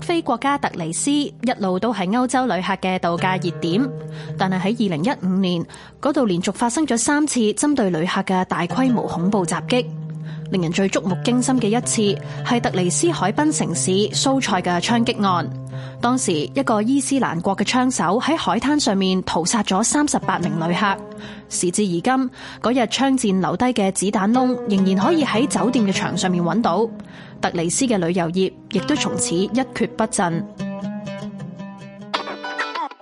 非國家突尼斯一路都係歐洲旅客嘅度假熱點，但係喺二零一五年嗰度連續發生咗三次針對旅客嘅大規模恐怖襲擊，令人最觸目驚心嘅一次係突尼斯海濱城市蘇塞嘅槍擊案。當時一個伊斯蘭國嘅槍手喺海灘上面屠殺咗三十八名旅客。時至而今，嗰日槍戰留低嘅子彈窿仍然可以喺酒店嘅牆上面揾到。突尼斯嘅旅遊業亦都從此一蹶不振。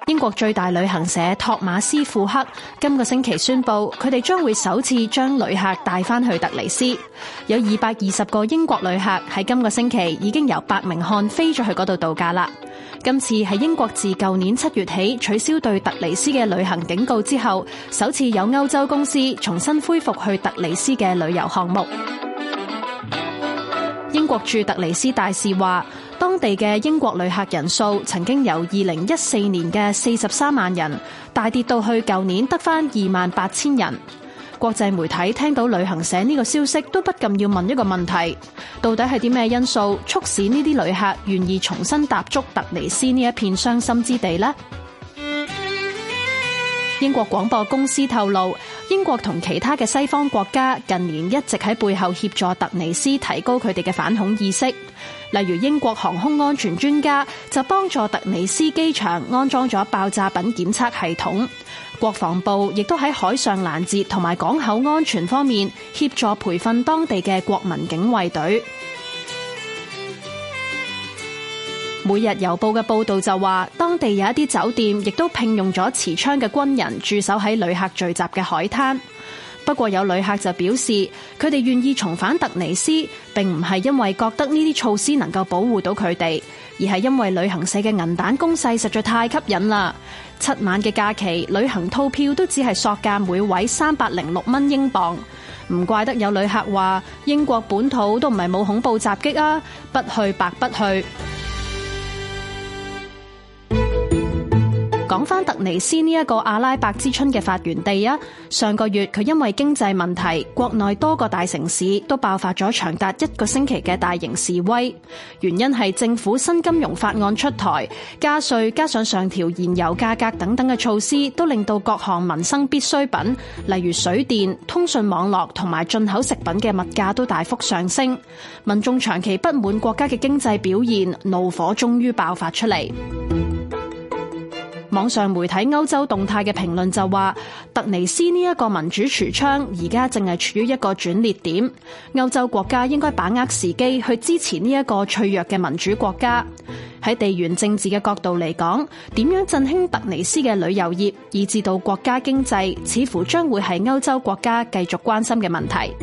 英國最大旅行社托馬斯庫克今個星期宣布，佢哋將會首次將旅客帶翻去突尼斯。有二百二十個英國旅客喺今個星期已經由伯明翰飛咗去嗰度度假啦。今次係英國自舊年七月起取消對突尼斯嘅旅行警告之後，首次有歐洲公司重新恢復去突尼斯嘅旅遊項目。英國駐突尼斯大使話，當地嘅英國旅客人數曾經由二零一四年嘅四十三萬人大跌到去舊年得返二萬八千人。國際媒體聽到旅行社呢個消息，都不禁要問一個問題：到底係啲咩因素促使呢啲旅客願意重新踏足突尼斯呢一片傷心之地呢？英國廣播公司透露，英國同其他嘅西方國家近年一直喺背後協助突尼斯提高佢哋嘅反恐意識，例如英國航空安全專家就幫助突尼斯機場安裝咗爆炸品檢測系統。國防部亦都喺海上攔截同埋港口安全方面協助培訓當地嘅國民警衛隊。每日郵報嘅報道就話，當地有一啲酒店亦都聘用咗持槍嘅軍人駐守喺旅客聚集嘅海灘。不過有旅客就表示，佢哋願意重返突尼斯，並唔係因為覺得呢啲措施能夠保護到佢哋。而係因為旅行社嘅銀彈攻勢實在太吸引啦，七晚嘅假期旅行套票都只係索價每位三百零六蚊英鎊。唔怪得有旅客話英國本土都唔係冇恐怖襲擊啊，不去白不去。講翻突尼斯呢一個阿拉伯之春嘅發源地啊，上個月佢因為經濟問題，國內多個大城市都爆發咗長達一個星期嘅大型示威，原因係政府新金融法案出台加稅，加上上調現有價格等等嘅措施，都令到各項民生必需品，例如水電、通訊網絡同埋進口食品嘅物價都大幅上升，民眾長期不滿國家嘅經濟表現，怒火終於爆發出嚟。網上媒體歐洲動態嘅評論就話，突尼斯呢一個民主櫥窗而家正係處於一個轉捩點，歐洲國家應該把握時機去支持呢一個脆弱嘅民主國家。喺地緣政治嘅角度嚟講，點樣振興突尼斯嘅旅遊業，以至到國家經濟，似乎將會係歐洲國家繼續關心嘅問題。